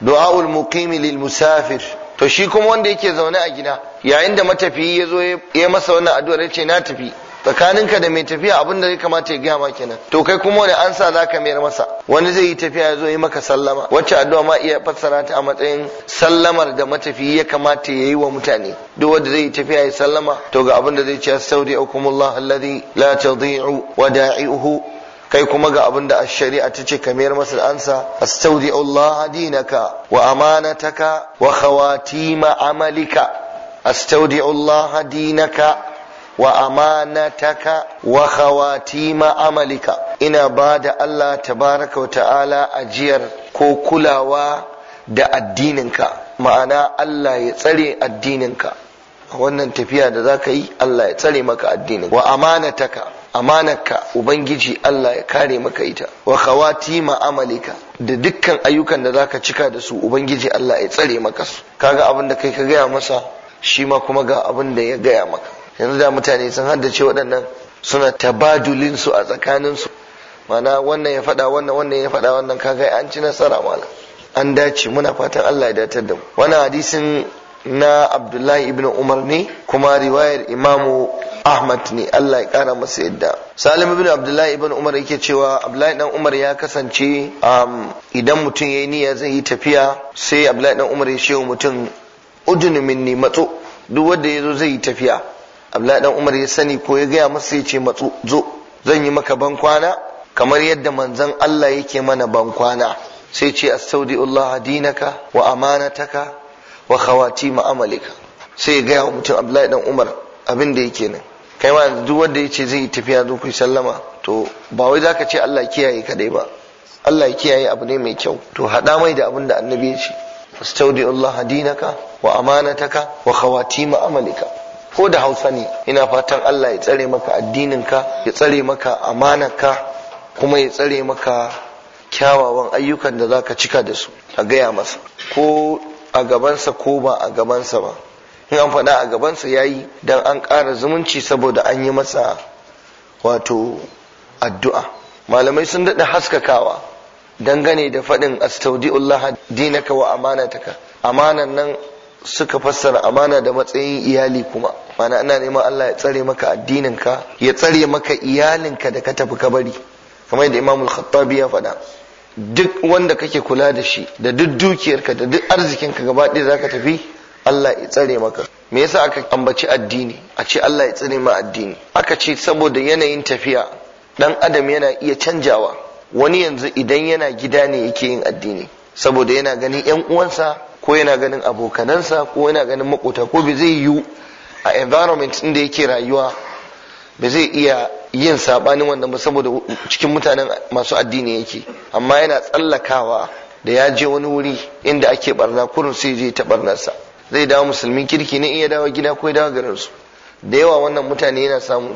du'aul muqimi lil musafir to shi kuma wanda yake zaune a gida yayin da matafiyi ya zo ya masa wannan addu'a ya ce na tafi tsakaninka da mai tafiya abin da zai kamata ya gaya ma kenan to kai kuma wani ansa za ka mayar masa wani zai yi tafiya ya zo maka sallama wacce addu'a ma iya fassara ta a matsayin sallamar da matafiyi ya kamata ya yi wa mutane duk wanda zai yi tafiya ya sallama to ga abin da zai ce astaudi akumullah alladhi la tadhi'u wada'ihu kai kuma ga abinda da shari'a ta ce ka miyar masa a saudi astaudi Allah dinaka wa amanataka wa khawatima amalika saudi Allah dinaka wa amanataka wa amalika ina ba da Allah tabaraka wa ta'ala ajiyar ko kulawa da addininka ma'ana Allah ya tsare addininka wannan tafiya da za ka yi Allah ya tsare maka addinin wa amanataka amanarka ubangiji Allah ya kare maka ita wa kawati amalika da dukkan ayyukan da zaka cika da su ubangiji Allah ya tsare maka su kaga abin da kai ka gaya masa shi ma kuma ga abin da ya gaya maka yanzu da mutane sun haddace waɗannan suna tabadulin su a tsakanin su mana wannan ya faɗa wannan wannan ya faɗa wannan kaga an ci nasara mala an dace muna fatan Allah ya datar da mu wannan hadisin na Abdullahi ibn Umar ne kuma riwayar Imamu Ahmad ne Allah ya kara masa yadda Salim ibn Abdullahi ibn Umar yake cewa Abdullahi dan Umar ya kasance um, idan mutum yayi niyya zai yi tafiya sai Abdullahi dan Umar ya shewa mutum udunu minni matso duk wanda yazo zai yi tafiya Abdullahi dan Umar ya sani ko ya gaya masa ya ce matso zo zan yi maka bankwana kamar yadda manzon Allah yake mana bankwana sai ce astaudi'ullah dinaka wa amanataka wa khawatima amalika sai ya gaya wa mutum Abdullahi dan Umar abin da yake nan kai ma duk wanda ya ce zai yi tafiya zo ku sallama to ba wai zaka ce Allah kiyaye kadai ba Allah kiyaye abu ne mai kyau to haɗa mai da abin da annabi ya ce Allah hadinaka, wa amanataka wa khawatima amalika ko da Hausa ne ina fatan Allah ya tsare maka addininka ya tsare maka ka, kuma ya tsare maka kyawawan ayyukan da za ka cika da su a gaya masa ko a gabansa ko ba a gabansa ba in an faɗa a gabansa ya yi don an ƙara zumunci saboda an yi masa wato addu'a malamai sun daɗa haskakawa dangane da faɗin astaudi'ullah dinaka wa amanataka amanan nan suka fassara amana da matsayin iyali kuma mana ana neman Allah ya tsare maka addininka ya tsare maka iyalinka da ka tafi kabari kamar yadda Imam Al-Khattabi ya faɗa duk wanda kake kula da shi da duk dukiyarka da duk arzikinka gaba ɗaya zaka tafi Allah ya tsare maka me yasa aka ambaci addini a ce Allah ya tsare ma addini aka ce saboda yanayin tafiya dan adam yana iya canjawa wani yanzu idan yana gida ne yake yin addini saboda yana ganin yan uwansa ko yana ganin abokanansa ko yana ganin makota ko bai zai yiwu a environment din da yake rayuwa ba zai iya yin sabanin wannan saboda cikin mutanen masu addini yake amma yana tsallakawa da ya je wani wuri inda ake barna kurin sai je ta barnarsa zai dawo musulmin kirki ne iya dawo gida ko ya dawo su da yawa wannan mutane yana samu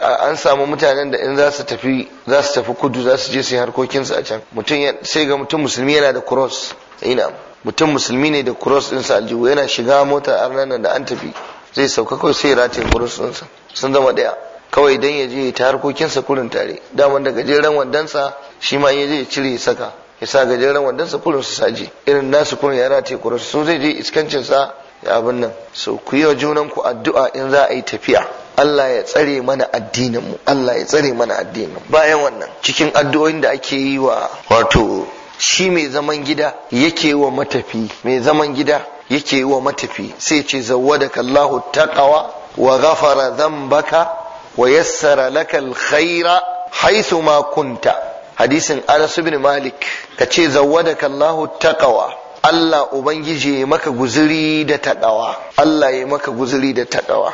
an samu mutanen da in za su tafi tafi kudu za su je su yi harkokinsu a can mutum sai ga mutum musulmi yana da cross ina mutum musulmi ne da cross sa aljihu yana shiga mota a ranar da an tafi zai sauka kawai sai rataye cross sa. sun zama ɗaya kawai idan ya je ta harkokinsa kurin tare daman daga gajeren wandansa shi ma ya je ya cire saka ya sa gajeren wandon sa kurin su saji? irin nasu kurin yara te kurin su zai je iskancin sa ya abin nan so ku yi wa junan ku addu'a in za a yi tafiya Allah ya tsare mana addinin Allah ya tsare mana addinin bayan wannan cikin addu'o'in da ake yi wa wato shi mai zaman gida yake wa matafi mai zaman gida yake wa matafi sai ce da Kallahu Takawa wa ghafara dhanbaka wa yassara lakal khaira haythu ma kunta hadisin Anas ibn Malik kace zawwadaka allah taqwa Allah ubangije maka guzuri da taqwa Allah ya maka guzuri da taqwa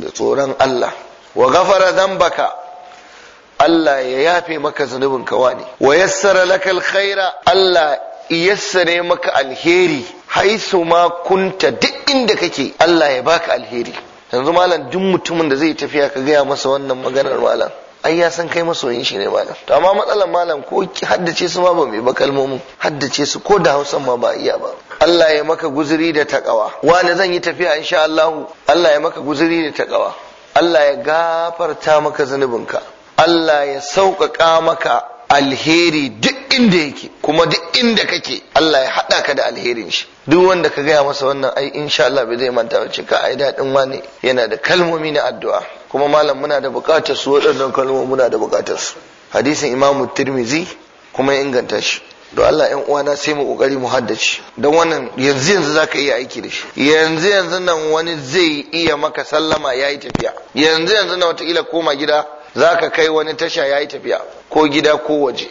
da tsoron Allah wa ghafara dhanbaka Allah ya yafe maka ka wani wa yassara laka alkhaira Allah yassare maka alheri haisu ma kunta duk inda kake Allah ya baka alheri yanzu malam duk mutumin da zai tafiya ka gaya masa wannan maganar malam ai ya san kai masoyin shi ne malam to amma matsalar malam ko haddace su ma ba mai ba kalmomin haddace su ko da hausan ma ba iya ba Allah ya maka guzuri da takawa wani zan yi tafiya insha Allah Allah ya maka guzuri da takawa Allah ya gafarta maka zunubinka Allah ya sauƙaƙa maka alheri duk inda yake kuma duk inda kake Allah ya haɗa ka da alherin shi duk wanda ka gaya masa wannan ai insha Allah bai zai manta ba ce ka ai daɗin wani yana da kalmomi na addu'a kuma malam muna da bukatar su waɗannan kalmomi muna da bukatar su hadisin imamu tirmizi kuma ya inganta shi don Allah yan uwana sai mu kokari mu haddace don wannan yanzu yanzu zaka iya aiki da shi yanzu yanzu nan wani zai iya maka sallama ya yi tafiya yanzu yanzu nan watakila koma gida zaka kai wani tasha ya yi tafiya ko gida ko waje